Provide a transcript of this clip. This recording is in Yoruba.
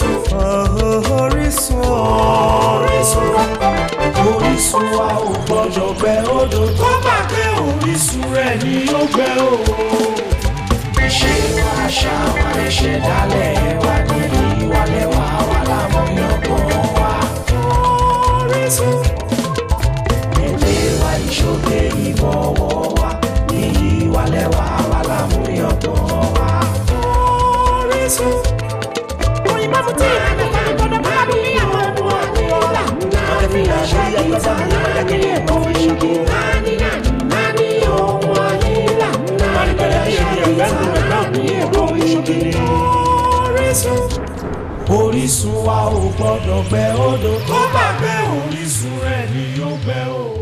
orísun orísun orísun A wa ò gbọ́dọ̀ gbẹ odò tó bá gbé orísun rẹ̀ ni ó gbẹ o. ṣé wàá ṣá wa ìṣẹ̀dálẹ̀ wa ní ìwàlẹ̀ wa wà láwọn yọ̀gbọ̀n wa. orísun. ìbò fún tí ìdájọ́ tó dọ́dọ́ bá bí ní àwọn ẹ̀kú ọ̀dún ọ̀la. Wọ́n fi àṣẹ ìta lọ́jà kí èkó fi ṣìkì. Láníyàn náà ní ohun àyílà. Wọ́n ní bẹ̀rẹ̀ bí ṣe ìlẹ́nu rẹ̀ náà ní èkó fi ṣìkì. Orísun. Orísun wa ò gbọ́dọ̀ gbẹ odò. Tó bá gbẹ orísun rẹ̀ ni yóò gbẹ o.